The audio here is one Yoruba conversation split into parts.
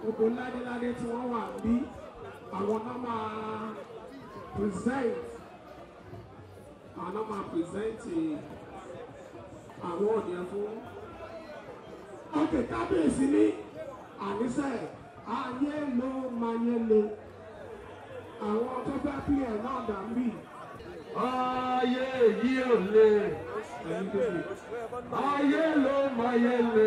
gbogbo ládéládé tí wọ́n wà bí àwọn náà máa present àwọn náà máa present àwọn ọ̀dẹ̀ fún ọ̀kẹ́ kábíyèsí ní àníṣe ayé ló máa yé le àwọn tó bá bí ẹ̀ náà dà ń bì. Ayé yìí ò le, ayé ló máa yé le.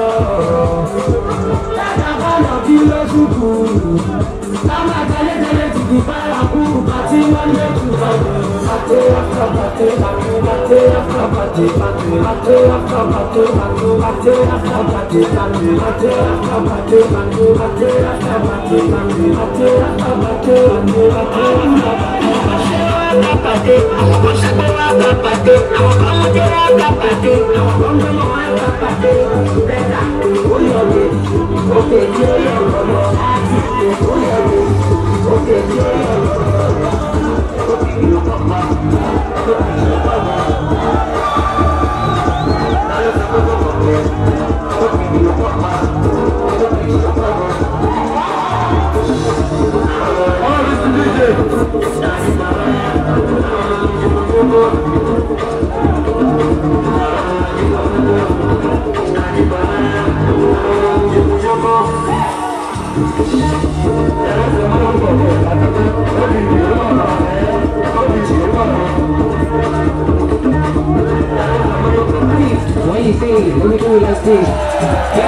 kukuru Kama kale kale tukipara kupati wale kubate Bate afra bate bate bate afra bate bate Bate afra bate bate bate afra bate bate Bate afra bate bate bate afra bate bate Bate afra bate bate bate afra bate bate Àwọn kan ṣe pé wọ́n á gbà pàdé, àwọn kan mú jẹ́ wọ́n á gbà pàdé, àwọn kan mú What you think? Let me do it, let's see.